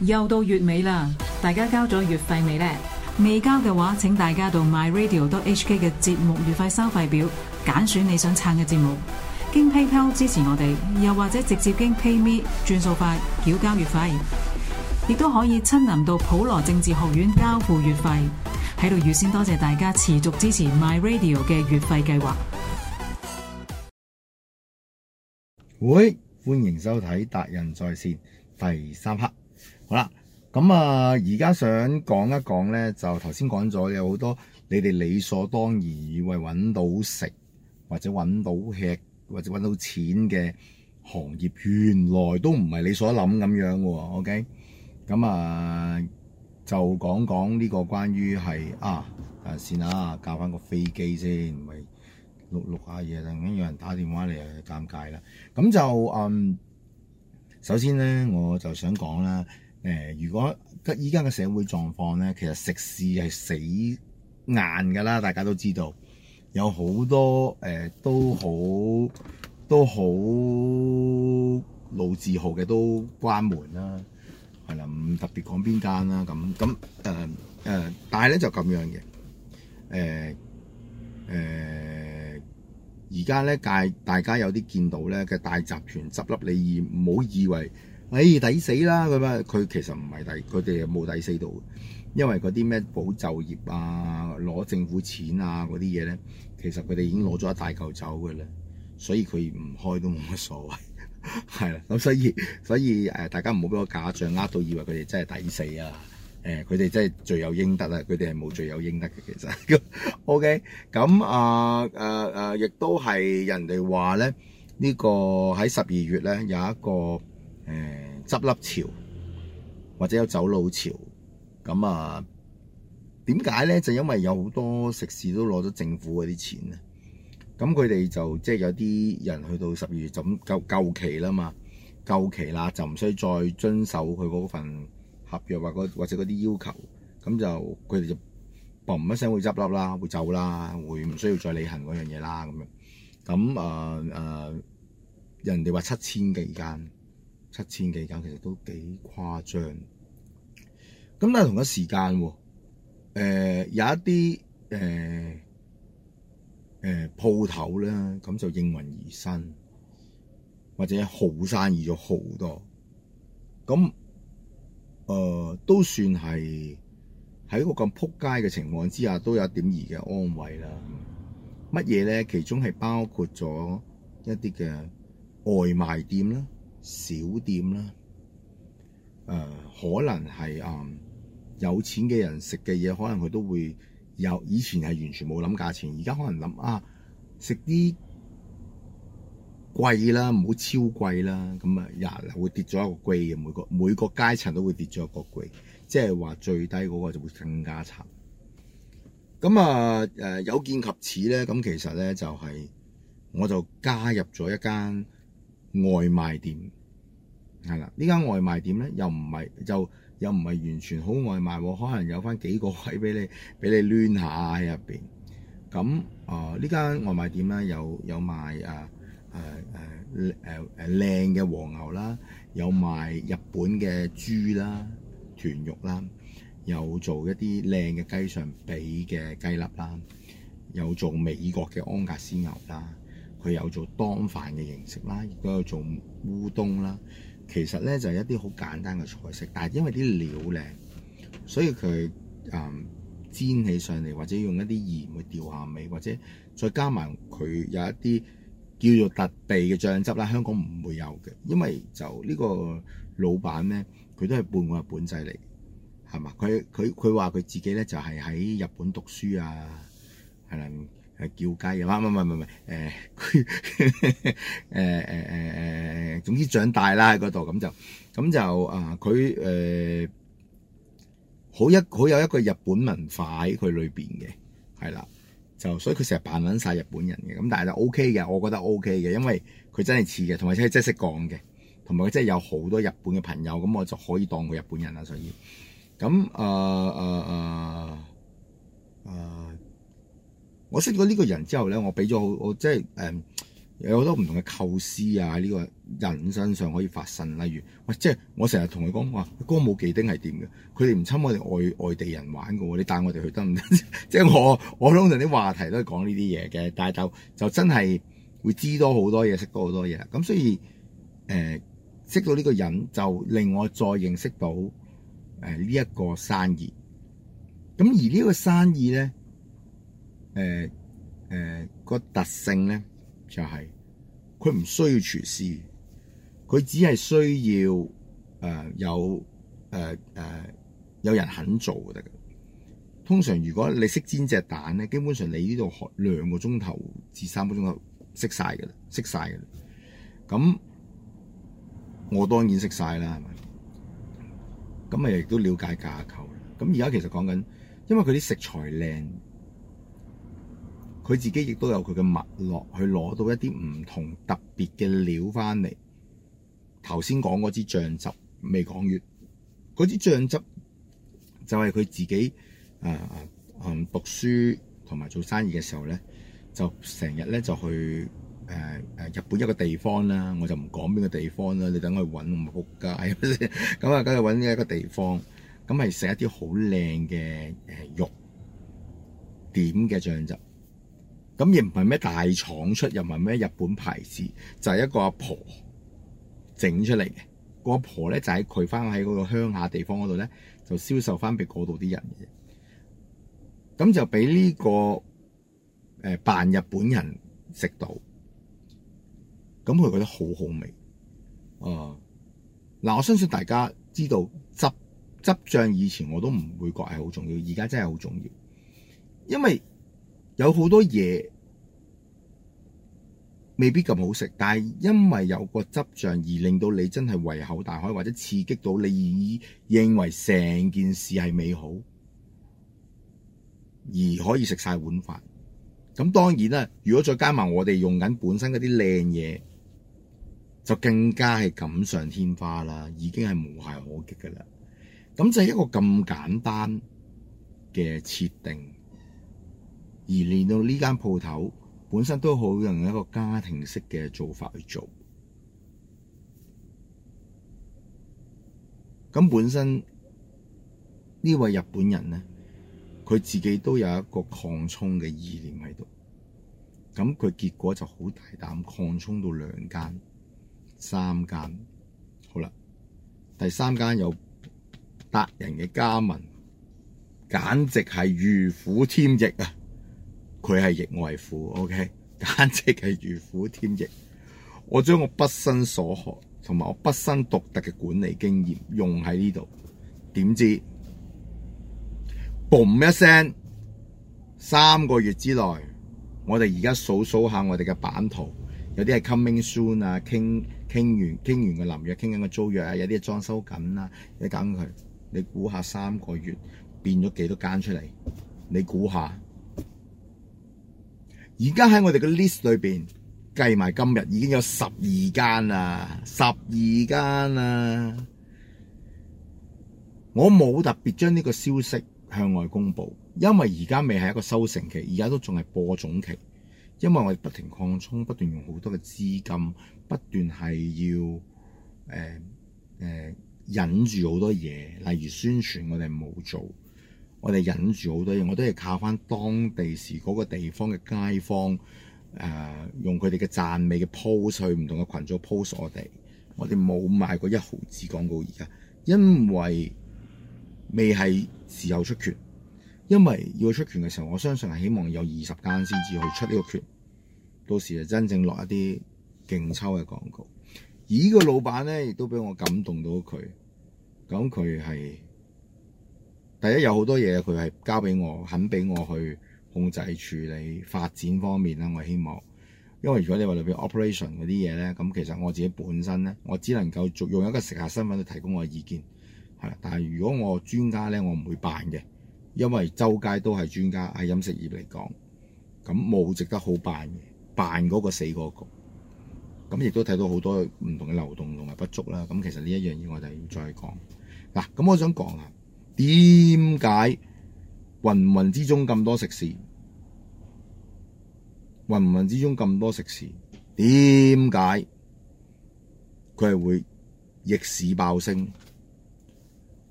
又到月尾啦，大家交咗月費未呢？未交嘅話，請大家到 My Radio 都 HK 嘅節目月費收費表揀選你想撐嘅節目，經 PayPal 支持我哋，又或者直接經 PayMe 轉數快繳交月費，亦都可以親臨到普羅政治學院交付月費。喺度預先多謝大家持續支持 My Radio 嘅月費計劃。喂，歡迎收睇達仁在綫第三刻。好啦，咁啊，而家想講一講咧，就頭先講咗有好多你哋理所當然以為揾到食或者揾到吃或者揾到錢嘅行業，原來都唔係你所諗咁樣嘅，OK？咁啊，就講講呢個關於係啊，等下先啊，教返個飛機先，咪錄錄下嘢，突然間有人打電話嚟，尷尬啦。咁就嗯，首先咧，我就想講啦。誒，如果依家嘅社會狀況咧，其實食肆係死硬㗎啦，大家都知道，有好多誒、呃、都好都好老字號嘅都關門啦，係啦，唔特別講邊間啦，咁咁誒誒，但係咧就咁樣嘅，誒、呃、誒，而家咧介大家有啲見到咧嘅大集團執笠，你益，唔好以為。誒抵死啦！佢咩佢其實唔係抵，佢哋又冇抵死到，因為嗰啲咩保就業啊、攞政府錢啊嗰啲嘢咧，其實佢哋已經攞咗一大嚿走嘅咧，所以佢唔開都冇乜所謂係啦。咁所以所以誒，大家唔好俾個假象呃到，以為佢哋真係抵死啊！誒，佢哋真係罪有應得啊！佢哋係冇罪有應得嘅。其實 O K。咁啊誒誒，亦都係人哋話咧，呢個喺十二月咧有一個。誒執笠潮或者有走佬潮咁啊？點解咧？就因為有好多食肆都攞咗政府嗰啲錢啊！咁佢哋就即係有啲人去到十二月就咁夠夠期啦嘛，夠期啦就唔需要再遵守佢嗰份合約或者或者嗰啲要求，咁就佢哋就嘣一聲會執笠啦，會走啦，會唔需要再履行嗰樣嘢啦咁樣。咁啊啊，人哋話七千幾間。七千幾間其實都幾誇張，咁但係同一時間喎、呃，有一啲誒誒鋪頭咧，咁、呃呃、就應運而生，或者好生意咗好多，咁誒、呃、都算係喺一個咁撲街嘅情況之下，都有一點二嘅安慰啦。乜嘢咧？其中係包括咗一啲嘅外賣店啦。小店啦，誒可能係啊有錢嘅人食嘅嘢，可能佢、嗯、都會有以前係完全冇諗價錢，而家可能諗啊食啲貴啦，唔好超貴啦，咁啊又會跌咗一個 grade，每個每個階層都會跌咗一個 grade，即係話最低嗰個就會更加慘。咁啊誒有見及此咧，咁其實咧就係、是、我就加入咗一間。外賣店係啦，呢間外賣店咧又唔係就又唔係完全好外賣喎，可能有翻幾個位俾你俾你攣下喺入邊。咁啊呢間外賣店咧有有賣啊誒誒誒誒誒靚嘅黃牛啦，有賣日本嘅豬啦、豚肉啦，有做一啲靚嘅雞上髀嘅雞粒啦，有做美國嘅安格斯牛啦。佢有做當飯嘅形式啦，亦都有做烏冬啦。其實咧就係、是、一啲好簡單嘅菜式，但係因為啲料靚，所以佢誒、嗯、煎起上嚟，或者用一啲鹽去調下味，或者再加埋佢有一啲叫做特備嘅醬汁啦。香港唔會有嘅，因為就呢個老闆咧，佢都係半個日本仔嚟，係嘛？佢佢佢話佢自己咧就係、是、喺日本讀書啊，係啦。係叫雞嘅，唔唔唔唔唔，誒誒誒誒，總之長大啦喺嗰度，咁就咁就啊，佢、呃、誒、呃、好一好有一個日本文化喺佢裏邊嘅，係啦，就所以佢成日扮撚晒日本人嘅，咁但係就 O K 嘅，我覺得 O K 嘅，因為佢真係似嘅，同埋真係真識講嘅，同埋佢真係有好多日本嘅朋友，咁我就可以當佢日本人啦。所以咁啊啊啊啊！我識咗呢個人之後咧，我俾咗我即係誒，有好多唔同嘅構思啊！喺呢個人身上可以發生，例如喂，即係我成日同佢講話，歌舞伎町係點嘅，佢哋唔侵我哋外外地人玩嘅喎，你帶我哋去得唔得？行行 即係我我通常啲話題都係講呢啲嘢嘅，但係就就真係會知多好多嘢，識多好多嘢啦。咁所以誒，嗯、識到呢個人就令我再認識到誒呢一個生意。咁而呢個生意咧。誒誒個特性咧就係佢唔需要廚師，佢只係需要誒有誒誒有人肯做就得。通常如果你識煎隻蛋咧，基本上你呢度學兩個鐘頭至三個鐘頭識晒㗎啦，識曬㗎啦。咁我當然識晒啦，係咪？咁咪亦都了解架構。咁而家其實講緊，因為佢啲食材靚，佢自己亦都有佢嘅脈絡，去攞到一啲唔同特別嘅料翻嚟。頭先講嗰支醬汁未講完，嗰支醬汁就係佢自己誒誒誒讀書同埋做生意嘅時候咧，就成日咧就去誒誒日本一個地方啦，我就唔講邊個地方啦，你等佢揾唔撲街，係咪先？咁啊，梗係揾一個地方，咁係食一啲好靚嘅誒肉點嘅醬汁。咁亦唔係咩大廠出，又唔係咩日本牌子，就係、是、一個阿婆整出嚟嘅。個阿婆咧就喺佢返喺嗰個鄉下地方嗰度咧，就銷售返俾嗰度啲人嘅。咁就俾呢、這個誒、呃、扮日本人食到，咁佢覺得好好味啊！嗱、嗯，我相信大家知道，汁汁醬以前我都唔會覺係好重要，而家真係好重要，因為，有好多嘢未必咁好食，但係因為有個執著而令到你真係胃口大開，或者刺激到你認為成件事係美好，而可以食晒碗飯。咁當然啦，如果再加埋我哋用緊本身嗰啲靚嘢，就更加係錦上添花啦，已經係無懈可擊噶啦。咁就係一個咁簡單嘅設定。而令到呢間鋪頭本身都好用一個家庭式嘅做法去做。咁本身呢位日本人咧，佢自己都有一個擴充嘅意念喺度。咁佢結果就好大膽擴充到兩間、三間。好啦，第三間有達人嘅加盟，簡直係如虎添翼啊！佢係逆外苦，OK，簡直係如虎添翼。我將我畢生所學同埋我畢生獨特嘅管理經驗用喺呢度，點知，嘣一聲，三個月之內，我哋而家數數下我哋嘅版圖，有啲係 coming soon 啊，傾傾完傾完嘅臨約，傾緊嘅租約啊，有啲係裝修緊啊，等佢，你估下三個月變咗幾多間出嚟？你估下。而家喺我哋嘅 list 裏邊計埋今日已經有十二間啦，十二間啦。我冇特別將呢個消息向外公布，因為而家未係一個收成期，而家都仲係播種期。因為我哋不停擴充，不斷用好多嘅資金，不斷係要誒誒、呃呃、忍住好多嘢，例如宣傳我哋冇做。我哋忍住好多嘢，我都係靠翻當地時嗰個地方嘅街坊，誒、呃、用佢哋嘅讚美嘅 post 去唔同嘅群組 post 我哋，我哋冇買過一毫子廣告而家，因為未係時候出拳，因為要出拳嘅時候，我相信係希望有二十間先至去出呢個拳，到時就真正落一啲勁抽嘅廣告。而呢個老闆咧亦都俾我感動到佢，咁佢係。第一有好多嘢，佢係交俾我，肯俾我去控制、處理、發展方面啦。我希望，因為如果你話裏邊 operation 嗰啲嘢咧，咁其實我自己本身咧，我只能夠用一個食客身份去提供我嘅意見係。但係如果我專家咧，我唔會扮嘅，因為周街都係專家喺飲食業嚟講，咁冇值得好扮嘅，扮嗰個死嗰個局。咁亦都睇到好多唔同嘅流動同埋不足啦。咁其實呢一樣嘢我就要再講嗱。咁我想講啊。點解芸芸之中咁多食肆？芸芸之中咁多食肆？點解佢係會逆市爆升？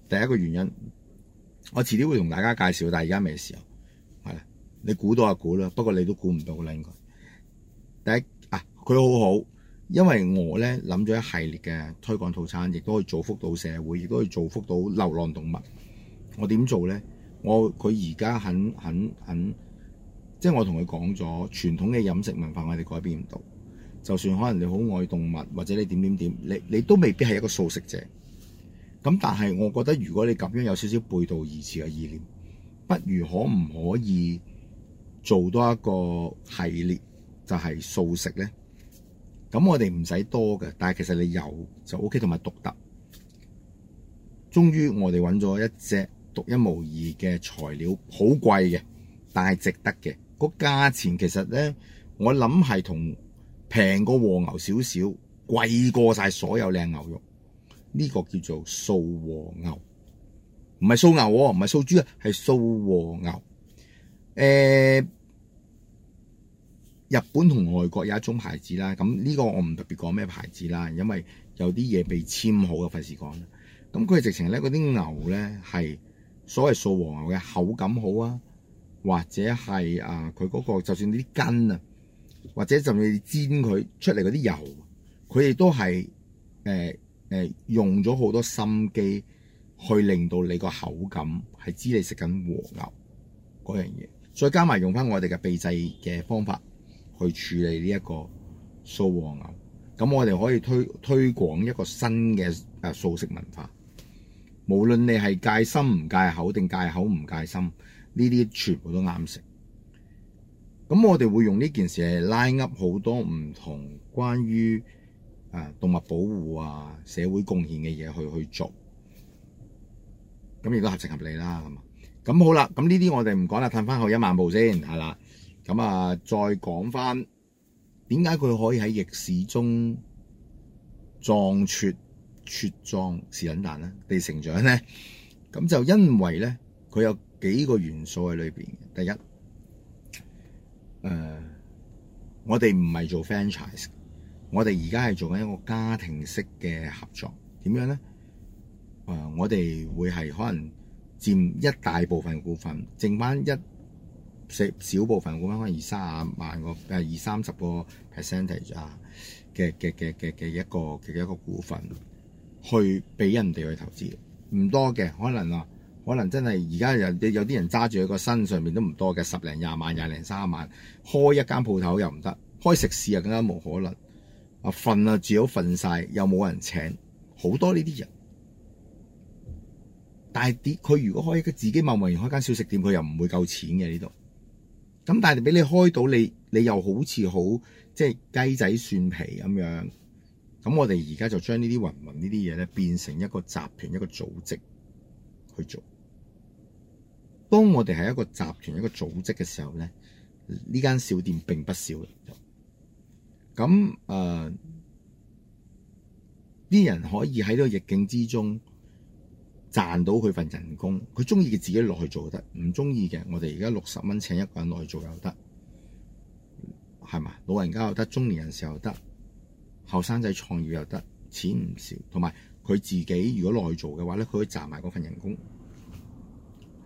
第一個原因，我遲啲會同大家介紹，但係而家咩時候？係啦，你估到就估啦，不過你都估唔到嘅啦，應該。第一啊，佢好好，因為我咧諗咗一系列嘅推廣套餐，亦都可以造福到社會，亦都可以造福到流浪動物。我點做呢？我佢而家很很很，即係我同佢講咗傳統嘅飲食文化，我哋改變唔到。就算可能你好愛動物，或者你點點點，你你都未必係一個素食者。咁但係，我覺得如果你咁樣有少少背道而馳嘅意念，不如可唔可以做多一個系列，就係素食呢？咁我哋唔使多嘅，但係其實你有就 OK，同埋獨特。終於，我哋揾咗一隻。獨一無二嘅材料，好貴嘅，但係值得嘅。個價錢其實咧，我諗係同平過和牛少少，貴過晒所有靚牛肉。呢、這個叫做素和牛，唔係素牛喎、哦，唔係素豬啊，係素和牛。誒、欸，日本同外國有一種牌子啦，咁呢個我唔特別講咩牌子啦，因為有啲嘢未簽好嘅，費事講。咁佢直情咧，嗰啲牛咧係～所謂素和牛嘅口感好啊，或者係啊佢嗰個就算啲筋啊，或者就算煎佢出嚟嗰啲油，佢哋都係誒誒用咗好多心機去令到你個口感係知你食緊和牛嗰樣嘢，再加埋用返我哋嘅秘製嘅方法去處理呢一個素和牛，咁我哋可以推推廣一個新嘅啊素食文化。無論你係戒心唔戒口，定戒口唔戒心，呢啲全部都啱食。咁我哋會用呢件事嚟拉 up 好多唔同關於誒動物保護啊、社會貢獻嘅嘢去去做，咁亦都合情合理啦。係嘛？咁好啦，咁呢啲我哋唔講啦，褪翻後一萬步先係啦。咁啊，再講翻點解佢可以喺逆市中壯闊。茁壯是很難咧，地成長咧，咁就因為咧，佢有幾個元素喺裏邊。第一，誒、呃，我哋唔係做 franchise，我哋而家係做緊一個家庭式嘅合作。點樣咧？誒、呃，我哋會係可能佔一大部分股份，剩翻一少少部分股份，可能二三十萬個誒，二三十個 percentage 啊嘅嘅嘅嘅一個嘅一個股份。去俾人哋去投資，唔多嘅，可能啊，可能真係而家有啲有啲人揸住個身上面都唔多嘅，十零廿萬、廿零三十萬，開一間鋪頭又唔得，開食肆又更加冇可能。啊，瞓啊，住好瞓晒，又冇人請，好多呢啲人。但係啲佢如果可以佢自己貿貿然開間小食店，佢又唔會夠錢嘅呢度。咁但係俾你開到你，你又好似好即係雞仔蒜皮咁樣。咁我哋而家就將呢啲雲雲呢啲嘢咧，變成一個集團，一個組織去做。當我哋係一個集團，一個組織嘅時候咧，呢間小店並不少。咁誒，啲、呃、人可以喺呢個逆境之中賺到佢份人工。佢中意嘅自己落去做就得，唔中意嘅，我哋而家六十蚊請一個人落去做又得，係嘛？老人家又得，中年人士又得。後生仔創業又得，錢唔少，同埋佢自己如果內做嘅話咧，佢可以賺埋嗰份人工，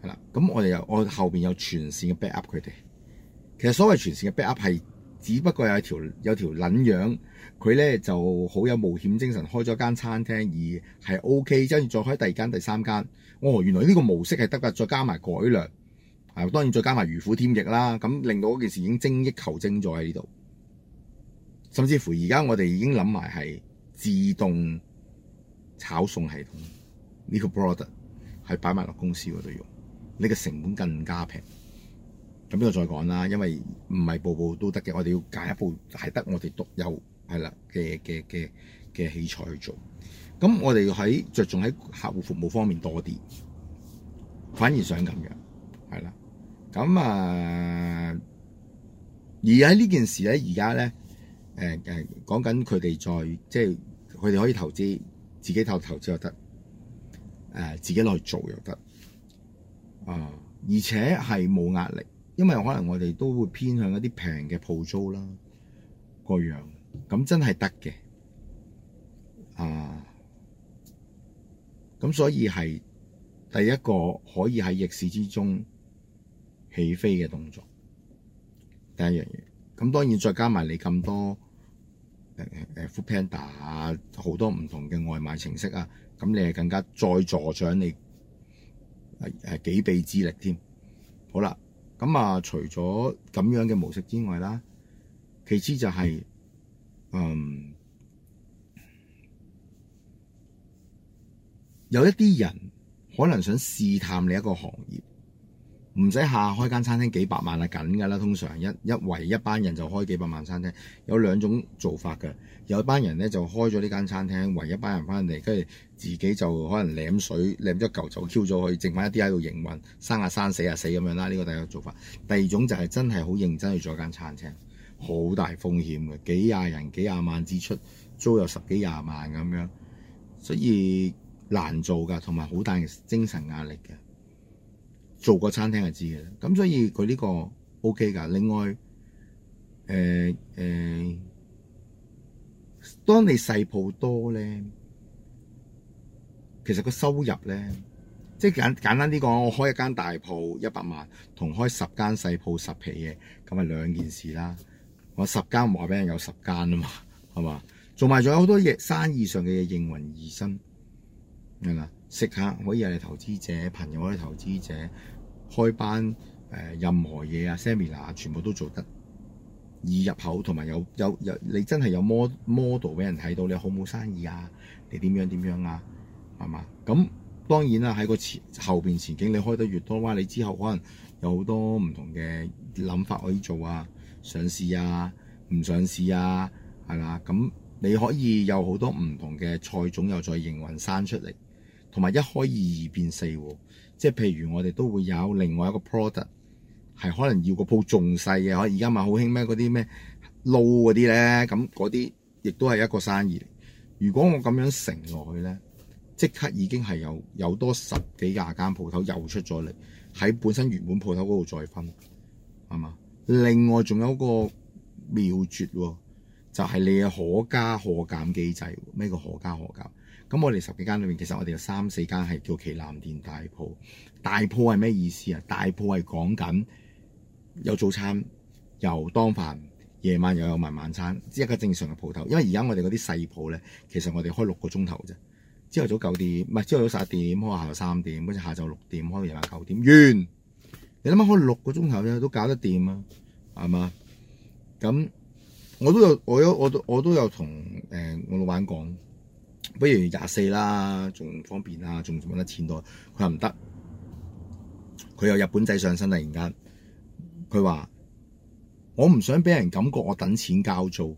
係啦。咁我哋又我後邊有全線嘅 back up 佢哋。其實所謂全線嘅 back up 係，只不過有一條有一條卵樣，佢咧就好有冒險精神，開咗間餐廳而係 OK，跟住再開第二間第三間。哦，原來呢個模式係得㗎，再加埋改良，啊，當然再加埋如虎添翼啦。咁令到嗰件事已經精益求精咗喺呢度。甚至乎而家我哋已經諗埋係自動炒餸系統呢、這個 product，係擺埋落公司嗰度用，呢、這個成本更加平。咁邊度再講啦？因為唔係步步都得嘅，我哋要揀一部係得我哋獨有係啦嘅嘅嘅嘅器材去做。咁我哋要喺着重喺客戶服務方面多啲，反而想咁樣係啦。咁啊、呃，而喺呢件事咧，而家咧。誒誒，講緊佢哋再即係，佢哋可以投資自己投投資又得，誒自己落去做又得，啊，而且係冇壓力，因為可能我哋都會偏向一啲平嘅鋪租啦，個樣，咁真係得嘅，啊，咁所以係第一個可以喺逆市之中起飛嘅動作，第一樣嘢，咁當然再加埋你咁多。誒誒誒，Foodpanda 啊，好多唔同嘅外賣程式啊，咁你係更加再助長你誒誒幾臂之力添。好啦，咁啊除咗咁樣嘅模式之外啦，其次就係，嗯，有一啲人可能想試探你一個行業。唔使下開間餐廳幾百萬啊，梗㗎啦。通常一一圍一班人就開幾百萬餐廳，有兩種做法㗎。有一班人咧就開咗呢間餐廳，圍一班人翻嚟，跟住自己就可能攬水攬咗嚿就 Q 咗去，剩翻一啲喺度營運，生下、啊、生啊死下、啊、死咁、啊、樣啦。呢個第一個做法。第二種就係真係好認真去做一間餐廳，好大風險嘅，幾廿人幾廿萬支出，租有十幾廿萬咁樣，所以難做㗎，同埋好大精神壓力嘅。做過餐廳就知嘅，咁所以佢呢個 OK 㗎。另外，誒、欸、誒、欸，當你細鋪多咧，其實個收入咧，即係簡簡單啲講，我開一間大鋪一百萬，同開十間細鋪十皮嘢，咁咪兩件事啦。我十間話俾人有十間啊嘛，係嘛？做埋仲有好多嘢生意上嘅嘢應運而生，明嘛？食客可以係投資者，朋友可以投資者，開班誒、呃，任何嘢啊，seminar 全部都做得易入口，同埋有有有你真係有 model model 俾人睇到，你好冇生意啊？你點樣點樣啊？係嘛？咁當然啦，喺個前後邊前景，你開得越多，哇！你之後可能有好多唔同嘅諗法可以做啊，上市啊，唔上市啊，係啦。咁你可以有好多唔同嘅菜種又再營運生出嚟。同埋一開二變四，即係譬如我哋都會有另外一個 product 係可能要個鋪仲細嘅，而家咪好興咩嗰啲咩 low 嗰啲咧，咁嗰啲亦都係一個生意嚟。如果我咁樣承落去咧，即刻已經係有有多十幾廿間鋪頭又出咗嚟，喺本身原本鋪頭嗰度再分，係嘛？另外仲有一個妙絕喎，就係、是、你嘅可加可減機制，咩叫可加可減？咁我哋十幾間裏面，其實我哋有三四間係叫旗艦店大鋪。大鋪係咩意思啊？大鋪係講緊有早餐、有當飯、夜晚又有埋晚餐，即係一個正常嘅鋪頭。因為而家我哋嗰啲細鋪咧，其實我哋開六個鐘頭啫。朝頭早九點，唔係朝頭早十點開，下晝三點，跟住下晝六點開，夜晚九點，點，點完。你諗下開六個鐘頭啫，都搞得掂啊，係嘛？咁我都有，我有，我都有我都有同誒、呃、我老闆講。不如廿四啦，仲方便啊，仲揾得錢多。佢又唔得，佢有日本仔上身突然間，佢話：我唔想俾人感覺我等錢交租，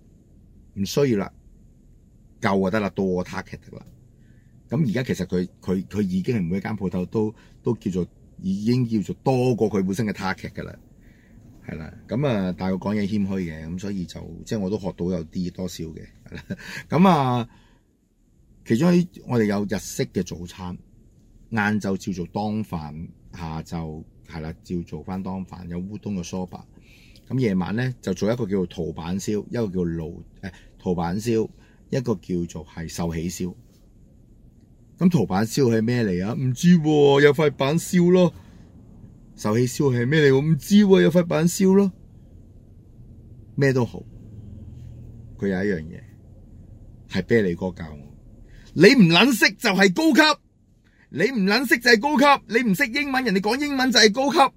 唔需要啦，夠就得啦，多我 target 得啦。咁而家其實佢佢佢已經係每一間鋪頭都都叫做已經叫做多過佢本身嘅 target 㗎啦，係啦。咁啊，大個講嘢謙虛嘅，咁所以就即係、就是、我都學到有啲多少嘅，係啦，咁啊。其中啲我哋有日式嘅早餐，晏晝叫做當飯，下晝係啦，叫做翻當飯，有烏冬嘅梳白。咁夜晚咧就做一個叫做陶板燒，一個叫爐誒陶板燒，一個叫做係壽、哎、喜燒。咁陶板燒係咩嚟啊？唔知喎、啊，有塊板燒咯。壽喜燒係咩嚟？我唔知喎，有塊板燒咯。咩都好，佢有一樣嘢係啤梨哥教我。你唔捻識就係高級，你唔捻識就係高級，你唔識英文，人哋講英文就係高級。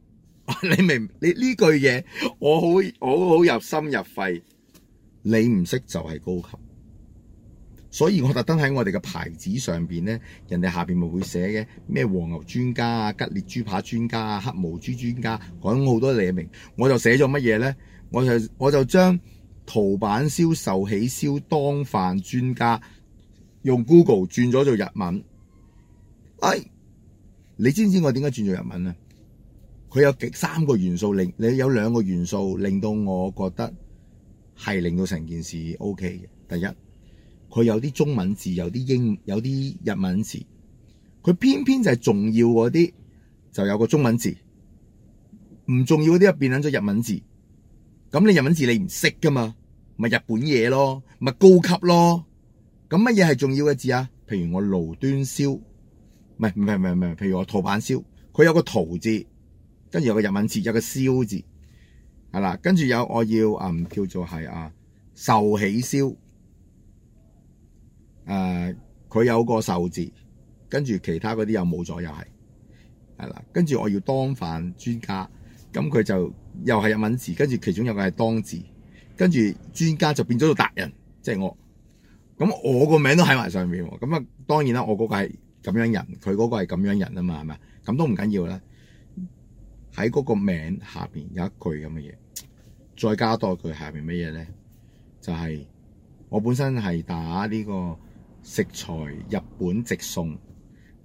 你明？你呢句嘢我好我好入心入肺。你唔識就係高級，所以我特登喺我哋嘅牌子上邊呢，人哋下邊咪會寫嘅咩黃牛專家啊、吉列豬扒專家啊、黑毛豬專家，講好多你明。我就寫咗乜嘢呢？我就我就將圖板銷售起燒當飯專家。用 Google 轉咗做日文，係、哎、你知唔知我點解轉做日文啊？佢有極三個元素，令你有兩個元素令到我覺得係令到成件事 OK 嘅。第一，佢有啲中文字，有啲英，有啲日文字。佢偏偏就係重要嗰啲就有個中文字，唔重要嗰啲入面變咗做日文字。咁你日文字你唔識㗎嘛？咪、就是、日本嘢咯，咪、就是、高級咯。咁乜嘢係重要嘅字啊？譬如我爐端燒，唔係唔係唔係唔係，譬如我陶板燒，佢有個陶字，跟住有個日文字，有個燒字，係啦，跟住有我要啊，叫做係啊壽喜燒，誒、啊，佢有個壽字，跟住其他嗰啲又冇咗，又係係啦，跟住我要當飯專家，咁佢就又係日文字，跟住其中有一個係當字，跟住專家就變咗個達人，即係我。咁我個名都喺埋上面咁啊，當然啦，我嗰個係咁樣人，佢嗰個係咁樣人啊嘛，係咪？咁都唔緊要啦。喺嗰個名下邊有一句咁嘅嘢，再加多句下邊咩嘢咧？就係、是、我本身係打呢個食材日本直送，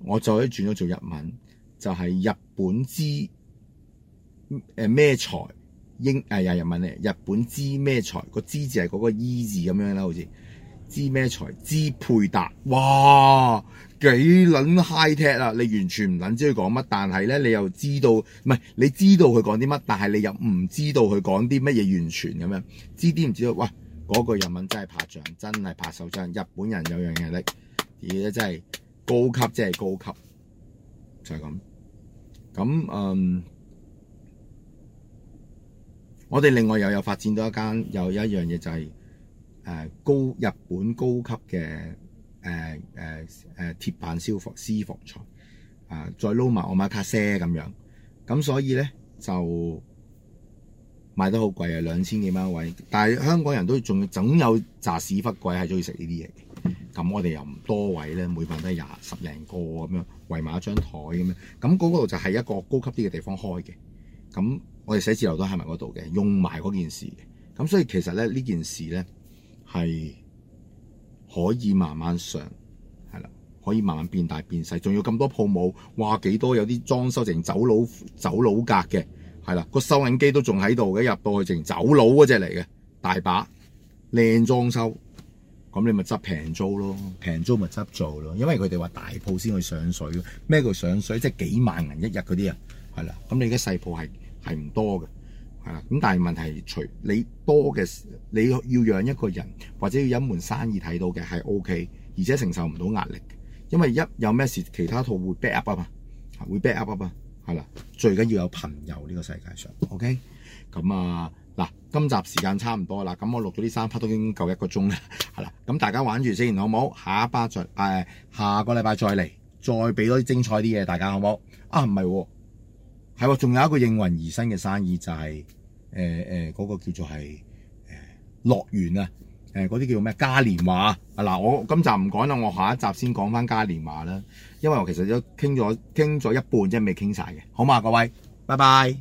我就喺轉咗做日文，就係、是、日本之誒咩材英誒又、呃、日文咧，日本之咩材個之字係嗰個 E 字咁樣啦，好似。知咩才？知配搭？哇，幾捻 high tech 啊！你完全唔捻知佢講乜，但係咧你又知道，唔係你知道佢講啲乜，但係你又唔知道佢講啲乜嘢完全咁樣，知啲唔知道？喂，嗰句日文真係拍掌，真係拍手掌。日本人有樣嘢叻，而且真係高級，真係高級。就係咁。咁嗯，我哋另外又有發展到一間，有一樣嘢就係。誒，高日本高級嘅誒誒誒鐵板燒服私房菜啊，再撈埋奧馬卡啡咁樣咁，所以咧就賣得好貴啊，兩千幾蚊一位。但係香港人都仲總有炸屎忽貴係中意食呢啲嘢嘅。咁、嗯、我哋又唔多位咧，每份都廿十零個咁樣圍埋一張台咁樣。咁、那、嗰度那就係一個高級啲嘅地方開嘅。咁我哋寫字樓都喺埋嗰度嘅，用埋嗰件事。咁所以其實咧呢件事咧。係可以慢慢上，係啦，可以慢慢變大變細，仲要咁多鋪冇，話幾多有啲裝修成走佬走佬格嘅，係啦，個收銀機都仲喺度嘅，入到去成走佬嗰隻嚟嘅，大把靚裝修，咁你咪執平租咯，平租咪執做咯，因為佢哋話大鋪先去上水，咩叫上水？即係幾萬銀一日嗰啲啊，係啦，咁你而家細鋪係係唔多嘅。咁但係問題，除你多嘅，你要要養一個人或者要一門生意睇到嘅係 OK，而且承受唔到壓力，因為一有咩事，其他套會 back up 啊嘛，會 back up 啊嘛，係啦，最緊要有朋友呢個世界上，OK，咁啊嗱，今集時間差唔多啦，咁我錄咗呢三 part 都已經夠一個鐘啦，係啦，咁大家玩住先，好唔好？下一 part 再，誒、呃，下個禮拜再嚟，再俾多啲精彩啲嘢大家，好唔好？啊，唔係，係喎，仲有一個應運而生嘅生意就係、是。誒誒嗰個叫做係誒、呃、樂園啊！誒嗰啲叫做咩嘉年華啊！嗱，我今集唔講啦，我下一集先講翻嘉年華啦，因為我其實都傾咗傾咗一半，真係未傾晒嘅，好嘛各位，拜拜。